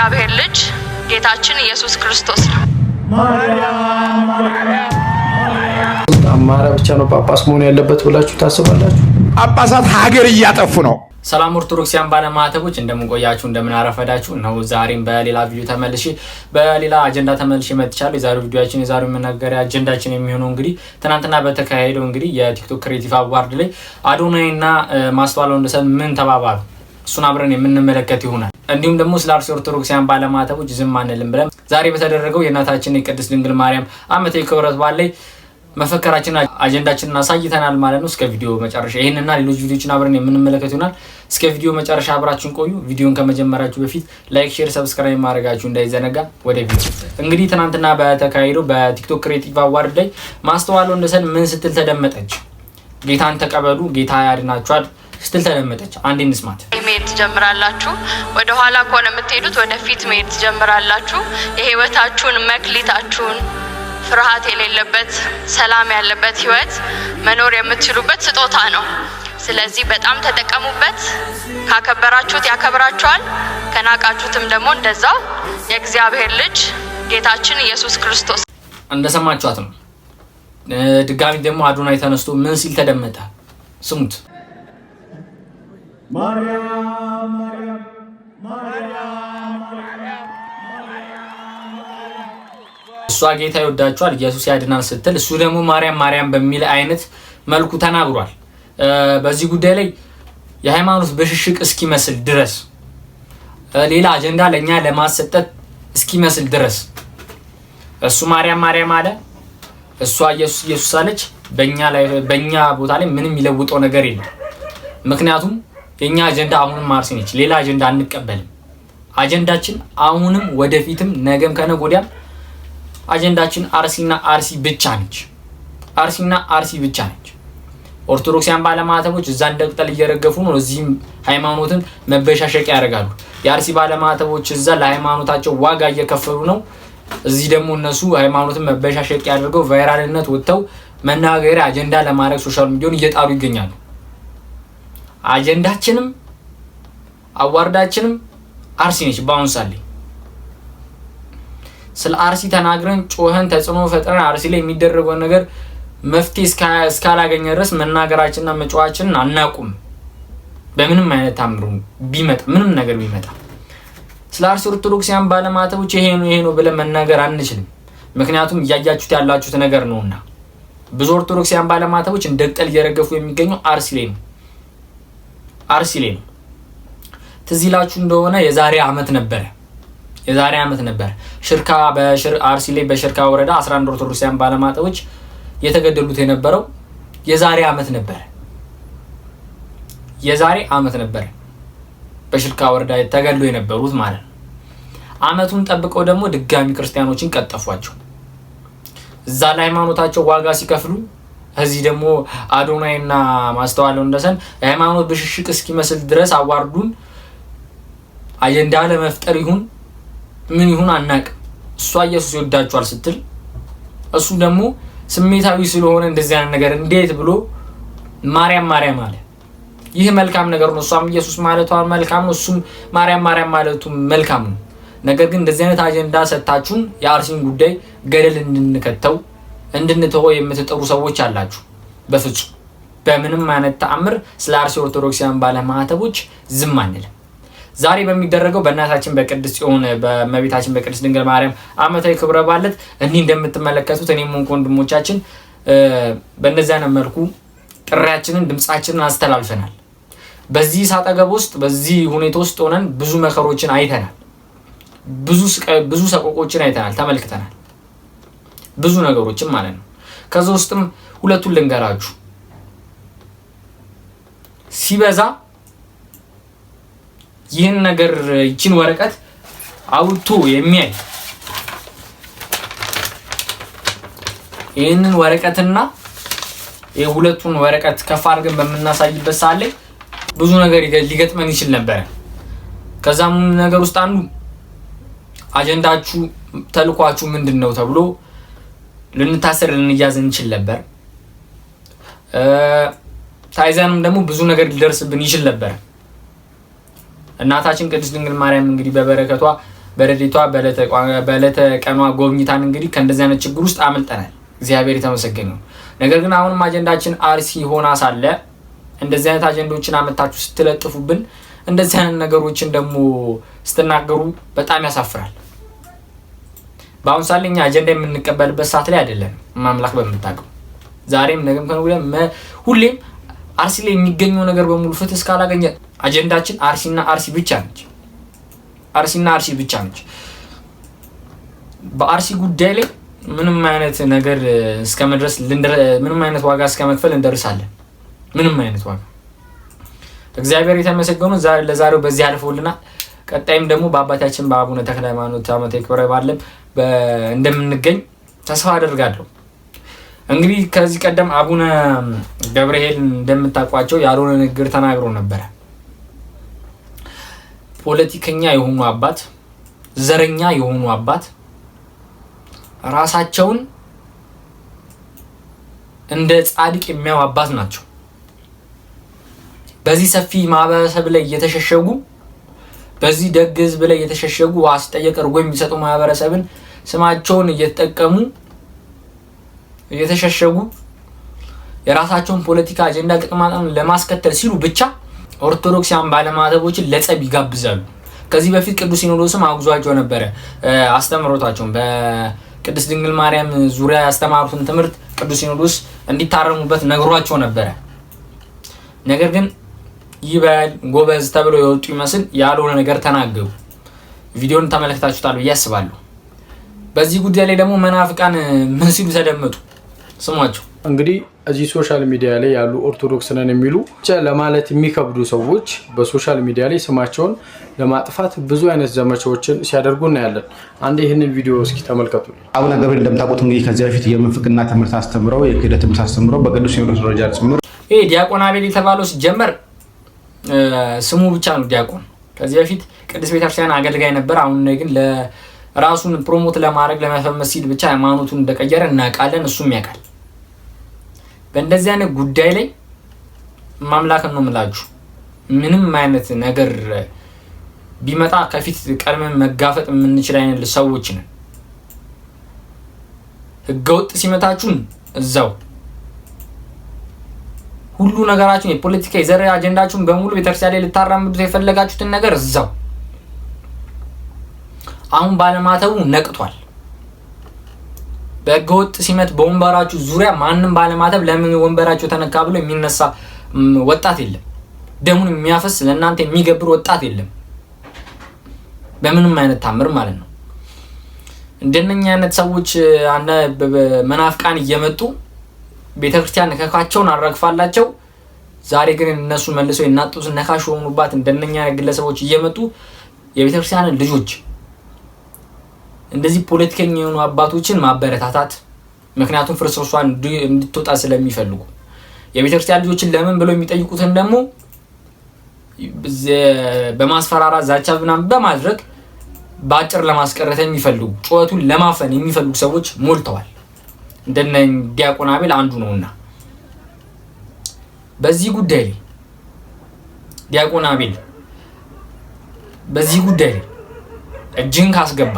የእግዚአብሔር ልጅ ጌታችን ኢየሱስ ክርስቶስ ነው። አማራ ብቻ ነው ጳጳስ መሆን ያለበት ብላችሁ ታስባላችሁ? ጳጳሳት ሀገር እያጠፉ ነው። ሰላም ኦርቶዶክሲያን ባለማዕተቦች እንደምንቆያችሁ እንደምናረፈዳችሁ ነው። ዛሬም በሌላ ቪዲዮ ተመልሼ በሌላ አጀንዳ ተመልሼ መጥቻለሁ። የዛሬው ቪዲዮችን የዛሬው መናገሪያ አጀንዳችን የሚሆነው እንግዲህ ትናንትና በተካሄደው እንግዲህ የቲክቶክ ክሬቲቭ አዋርድ ላይ አዶናይና ማስተዋል ወንደሰን ምን ተባባሉ? እሱን አብረን የምንመለከት ይሆናል። እንዲሁም ደግሞ ስለ አርሲ ኦርቶዶክሲያን ባለማተቦች ዝም አንልም ብለን ዛሬ በተደረገው የእናታችን የቅድስት ድንግል ማርያም ዓመታዊ ክብረት በዓል ላይ መፈከራችን አጀንዳችንን አሳይተናል ማለት ነው። እስከ ቪዲዮ መጨረሻ ይህንና ሌሎች ቪዲዮችን አብረን የምንመለከት ይሆናል። እስከ ቪዲዮ መጨረሻ አብራችን ቆዩ። ቪዲዮን ከመጀመራችሁ በፊት ላይክ፣ ሼር፣ ሰብስክራይብ ማድረጋችሁ እንዳይዘነጋ። ወደ ቪዲዮ እንግዲህ ትናንትና በተካሄደው በቲክቶክ ክሬቲቭ አዋርድ ላይ ማስተዋለው እንደሰን ምን ስትል ተደመጠች? ጌታን ተቀበሉ፣ ጌታ ያድናችኋል ስትል ተለመደች። አንድ እንስማት። መሄድ ትጀምራላችሁ። ወደ ኋላ ከሆነ የምትሄዱት ወደፊት መሄድ ትጀምራላችሁ። የህይወታችሁን መክሊታችሁን ፍርሃት የሌለበት ሰላም ያለበት ህይወት መኖር የምትችሉበት ስጦታ ነው። ስለዚህ በጣም ተጠቀሙበት። ካከበራችሁት ያከብራችኋል፣ ከናቃችሁትም ደግሞ እንደዛው። የእግዚአብሔር ልጅ ጌታችን ኢየሱስ ክርስቶስ እንደሰማችኋት ነው። ድጋሚ ደግሞ አዶናይ ተነስቶ ምን ሲል ተደመጠ? ስሙት። ማርያም ማርያም እሷ ጌታ ይወዳቸዋል ኢየሱስ ያድናል ስትል እሱ ደግሞ ማርያም ማርያም በሚል አይነት መልኩ ተናግሯል። በዚህ ጉዳይ ላይ የሃይማኖት ብሽሽቅ እስኪመስል ድረስ ሌላ አጀንዳ ለእኛ ለማሰጠት እስኪመስል ድረስ እሱ ማርያም ማርያም አለ፣ እሷ ኢየሱስ ኢየሱስ አለች። በእኛ ቦታ ላይ ምንም ይለውጠው ነገር የለም። ምክንያቱም የእኛ አጀንዳ አሁንም አርሲ ነች። ሌላ አጀንዳ አንቀበልም። አጀንዳችን አሁንም ወደፊትም ነገም ከነገ ወዲያም አጀንዳችን አርሲና አርሲ ብቻ ነች። አርሲና አርሲ ብቻ ነች። ኦርቶዶክሲያን ባለማተቦች እዛ እንደ ቅጠል እየረገፉ ነው፣ እዚህም ሃይማኖትን መበሻሸቂያ ያደርጋሉ። የአርሲ ባለማተቦች እዛ ለሃይማኖታቸው ዋጋ እየከፈሉ ነው፣ እዚህ ደግሞ እነሱ ሃይማኖትን መበሻሸቂያ አድርገው ቫይራልነት ወጥተው መናገሪያ አጀንዳ ለማድረግ ሶሻል ሚዲያን እየጣሩ ይገኛሉ። አጀንዳችንም አዋርዳችንም አርሲ ነች። በአሁን ሳሌ ስለ አርሲ ተናግረን ጮኸን ተጽዕኖ ፈጥረን አርሲ ላይ የሚደረገውን ነገር መፍትሄ እስካላገኘ ድረስ መናገራችንና መጫዋችንን አናቁም። በምንም አይነት ታምሩ ቢመጣ ምንም ነገር ቢመጣ ስለ አርሲ ኦርቶዶክሲያን ባለማተቦች ይሄ ነው ይሄ ነው ብለን መናገር አንችልም። ምክንያቱም እያያችሁት ያላችሁት ነገር ነውና ብዙ ኦርቶዶክሲያን ባለማተቦች እንደ ቅጠል እየረገፉ የሚገኙ አርሲ ላይ ነው። አርሲ ላይ ነው። ትዝ ይላችሁ እንደሆነ የዛሬ አመት ነበረ የዛሬ አመት ነበር ሽርካ አርሲ ላይ በሽርካ ወረዳ 11 ኦርቶዶክሳውያን ባለማጣዎች የተገደሉት የነበረው የዛሬ አመት ነበር። የዛሬ አመት ነበር በሽርካ ወረዳ ተገድሎ የነበሩት ማለት ነው። አመቱን ጠብቀው ደግሞ ድጋሚ ክርስቲያኖችን ቀጠፏቸው። እዛ ለሃይማኖታቸው ዋጋ ሲከፍሉ እዚህ ደግሞ አዶናይና ማስተዋለው እንደሰን የሃይማኖት ብሽሽቅ እስኪመስል ድረስ አዋርዱን አጀንዳ ለመፍጠር ይሁን ምን ይሁን አናቅ እሷ ኢየሱስ ይወዳቸዋል ስትል እሱ ደግሞ ስሜታዊ ስለሆነ እንደዚህ አይነት ነገር እንዴት ብሎ ማርያም ማርያም አለ። ይህ መልካም ነገር ነው። እሷም ኢየሱስ ማለቷ መልካም ነው፣ እሱም ማርያም ማርያም ማለቱ መልካም ነው። ነገር ግን እንደዚህ አይነት አጀንዳ ሰጥታችሁን የአርሲን ጉዳይ ገደል እንድንከተው እንድንተወው የምትጥሩ ሰዎች አላችሁ። በፍጹም በምንም አይነት ተአምር ስለ አርሲ ኦርቶዶክሳውያን ባለማዕተቦች ዝም አንልም። ዛሬ በሚደረገው በእናታችን በቅድስት ጽዮን በመቤታችን በቅድስት ድንግል ማርያም አመታዊ ክብረ በዓል ላይ እኒህ እንደምትመለከቱት እኔም ሆንኩ ወንድሞቻችን በእነዚያ መልኩ ጥሪያችንን ድምፃችንን አስተላልፈናል። በዚህ ሳጠገብ ውስጥ በዚህ ሁኔታ ውስጥ ሆነን ብዙ መከሮችን አይተናል። ብዙ ሰቆቆችን አይተናል፣ ተመልክተናል። ብዙ ነገሮችን ማለት ነው። ከዛ ውስጥም ሁለቱን ልንገራችሁ። ሲበዛ ይህን ነገር ይችን ወረቀት አውቶ የሚያይ ይህንን ወረቀትና የሁለቱን ወረቀት ከፍ አድርገን በምናሳይበት ሰዓት ላይ ብዙ ነገር ሊገጥመን ይችል ነበረ። ከዛም ነገር ውስጥ አንዱ አጀንዳችሁ ተልኳችሁ ምንድን ነው ተብሎ ልንታሰር ልንያዝ እንችል ነበር። ታይዘንም ደግሞ ብዙ ነገር ሊደርስብን ይችል ነበር። እናታችን ቅድስት ድንግል ማርያም እንግዲህ በበረከቷ በረዴቷ በዕለተ ቀኗ ጎብኝታን እንግዲህ ከእንደዚህ አይነት ችግር ውስጥ አመልጠናል። እግዚአብሔር የተመሰገነ ነገር ግን አሁንም አጀንዳችን አርሲ ሆና ሳለ እንደዚህ አይነት አጀንዶችን አመታችሁ ስትለጥፉብን፣ እንደዚህ አይነት ነገሮችን ደግሞ ስትናገሩ በጣም ያሳፍራል። በአሁኑ ሰዓት እኛ አጀንዳ የምንቀበልበት ሰዓት ላይ አይደለም። ማምላክ በምታውቀው ዛሬም ነገም ከነገ ሁሌም አርሲ ላይ የሚገኘው ነገር በሙሉ ፍትህ እስካላገኘ አጀንዳችን አርሲና አርሲ ብቻ ነች። አርሲና አርሲ ብቻ ነች። በአርሲ ጉዳይ ላይ ምንም አይነት ነገር እስከመድረስ ምንም አይነት ዋጋ እስከመክፈል እንደርሳለን። ምንም አይነት ዋጋ እግዚአብሔር የተመሰገኑ ለዛሬው በዚህ አልፈውልናል። ቀጣይም ደግሞ በአባታችን በአቡነ ተክለ ሃይማኖት ዓመታዊ ክብረ በዓል እንደምንገኝ ተስፋ አደርጋለሁ። እንግዲህ ከዚህ ቀደም አቡነ ገብርኤል እንደምታውቋቸው ያልሆነ ንግግር ተናግሮ ነበረ። ፖለቲከኛ የሆኑ አባት፣ ዘረኛ የሆኑ አባት ራሳቸውን እንደ ጻድቅ የሚያው አባት ናቸው። በዚህ ሰፊ ማህበረሰብ ላይ እየተሸሸጉ በዚህ ደግ ህዝብ ላይ የተሸሸጉ ውሃ ሲጠየቅ እርጎ የሚሰጡ ማህበረሰብን ስማቸውን እየተጠቀሙ እየተሸሸጉ የራሳቸውን ፖለቲካ አጀንዳ ጥቅማጥቅም ለማስከተል ሲሉ ብቻ ኦርቶዶክሲያን ባለማተቦችን ለጸብ ይጋብዛሉ። ከዚህ በፊት ቅዱስ ሲኖዶስም አውግዟቸው ነበረ። አስተምሮታቸውን በቅድስት ድንግል ማርያም ዙሪያ ያስተማሩትን ትምህርት ቅዱስ ሲኖዶስ እንዲታረሙበት ነግሯቸው ነበረ። ነገር ግን ይበል ጎበዝ ተብሎ የወጡ ይመስል ያልሆነ ነገር ተናገሩ። ቪዲዮን ተመለከታችሁታል ብዬ አስባለሁ። በዚህ ጉዳይ ላይ ደግሞ መናፍቃን ምን ሲሉ ተደመጡ? ስሟቸው። እንግዲህ እዚህ ሶሻል ሚዲያ ላይ ያሉ ኦርቶዶክስ ነን የሚሉ ለማለት የሚከብዱ ሰዎች በሶሻል ሚዲያ ላይ ስማቸውን ለማጥፋት ብዙ አይነት ዘመቻዎችን ሲያደርጉ እናያለን። አንድ ይህንን ቪዲዮ እስኪ ተመልከቱ። አቡነ ገብርኤል እንደምታውቁት እንግዲህ ከዚህ በፊት የምንፍቅና ትምህርት አስተምረው የክህደት ትምህርት አስተምረው በቅዱስ ሲኖዶስ ደረጃ ጭምር ይህ ዲያቆን አቤል የተባለው ሲጀመር ስሙ ብቻ ነው ዲያቆን። ከዚህ በፊት ቅድስት ቤተክርስቲያን አገልጋይ ነበር። አሁን ላይ ግን ራሱን ፕሮሞት ለማድረግ ለመፈመስ ሲል ብቻ ሃይማኖቱን እንደቀየረ እናውቃለን፣ እሱም ያውቃል። በእንደዚህ አይነት ጉዳይ ላይ ማምላክን ነው የምላችሁ። ምንም አይነት ነገር ቢመጣ ከፊት ቀድመን መጋፈጥ የምንችል አይነት ሰዎች ነን። ህገወጥ ሲመታችሁን እዛው ሁሉ ነገራችሁን የፖለቲካ የዘር አጀንዳችሁን በሙሉ ቤተክርስቲያን ላይ ልታራምዱት የፈለጋችሁትን ነገር እዛው። አሁን ባለማተቡ ነቅቷል። በህገወጥ ሲመት በወንበራችሁ ዙሪያ ማንም ባለማተብ ለምን ወንበራችሁ ተነካ ብሎ የሚነሳ ወጣት የለም። ደሙን የሚያፈስ ለእናንተ የሚገብር ወጣት የለም። በምንም አይነት ታምር ማለት ነው። እንደነኛ አይነት ሰዎች መናፍቃን እየመጡ ቤተክርስቲያን ነካካቸውን አረግፋላቸው። ዛሬ ግን እነሱ መልሰው የናጡት ነካሽ የሆኑባት እንደነኛ ግለሰቦች እየመጡ ክርስቲያንን ልጆች እንደዚህ ፖለቲከኛ የሆኑ አባቶችን ማበረታታት ምክንያቱም ፍርስርሷን እንድትወጣ ስለሚፈልጉ የቤተክርስቲያን ልጆችን ለምን ብለው የሚጠይቁትን ደግሞ በማስፈራራ ዛቻ ምናምን በማድረግ በአጭር ለማስቀረት የሚፈልጉ ጩኸቱን ለማፈን የሚፈልጉ ሰዎች ሞልተዋል። እንደነ ዲያቆን አቤል አንዱ ነውና በዚህ ጉዳይ ላይ ዲያቆን አቤል በዚህ ጉዳይ ላይ እጅን ካስገባ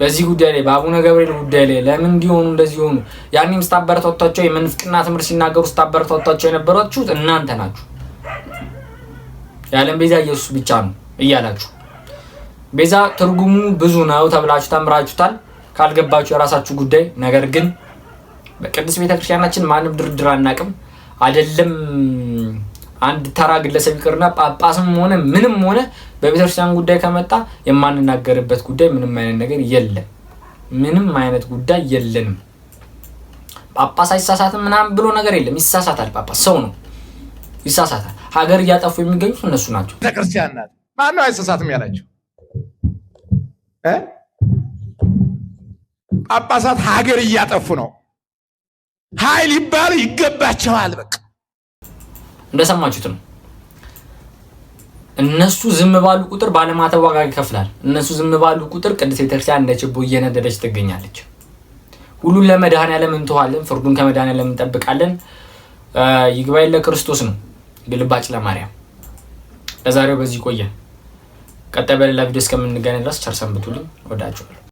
በዚህ ጉዳይ ላይ በአቡነ ገብርኤል ጉዳይ ላይ ለምን እንዲሆኑ እንደዚህ ሆኑ? ያኔም ስታበረታቷቸው የመንፍቅና ትምህርት ሲናገሩ ስታበረታቷቸው የነበራችሁት እናንተ ናችሁ። የዓለም ቤዛ ኢየሱስ ብቻ ነው እያላችሁ ቤዛ ትርጉሙ ብዙ ነው ተብላችሁ ተምራችሁታል። ካልገባችሁ የራሳችሁ ጉዳይ ነገር ግን በቅድስት ቤተክርስቲያናችን ማንም ድርድር አናቅም። አይደለም አንድ ተራ ግለሰብ ይቅርና ጳጳስም ሆነ ምንም ሆነ በቤተክርስቲያን ጉዳይ ከመጣ የማንናገርበት ጉዳይ ምንም አይነት ነገር የለም። ምንም አይነት ጉዳይ የለንም። ጳጳስ አይሳሳትም ምናምን ብሎ ነገር የለም። ይሳሳታል። ጳጳስ ሰው ነው፣ ይሳሳታል። ሀገር እያጠፉ የሚገኙት እነሱ ናቸው። ቤተክርስቲያን ናት። ማነው አይሳሳትም ያላቸው? ጳጳሳት ሀገር እያጠፉ ነው። ኃይል ይባል ይገባቸዋል። በቃ እንደሰማችሁት ነው። እነሱ ዝም ባሉ ቁጥር ባለማተብ ዋጋ ይከፍላል። እነሱ ዝም ባሉ ቁጥር ቅድስት ቤተክርስቲያን እንደ ችቦ እየነደደች ትገኛለች። ሁሉን ለመድኃኔዓለም እንተዋለን፣ ፍርዱን ከመድኃኔዓለም እንጠብቃለን። ይግባኝ ለክርስቶስ ነው፣ ግልባጭ ለማርያም። ለዛሬው በዚህ ቆየ። ቀጣይ በሌላ ቪዲዮ እስከምንገናኝ ድረስ ቸር ሰንብቱልኝ። ወዳችኋለሁ።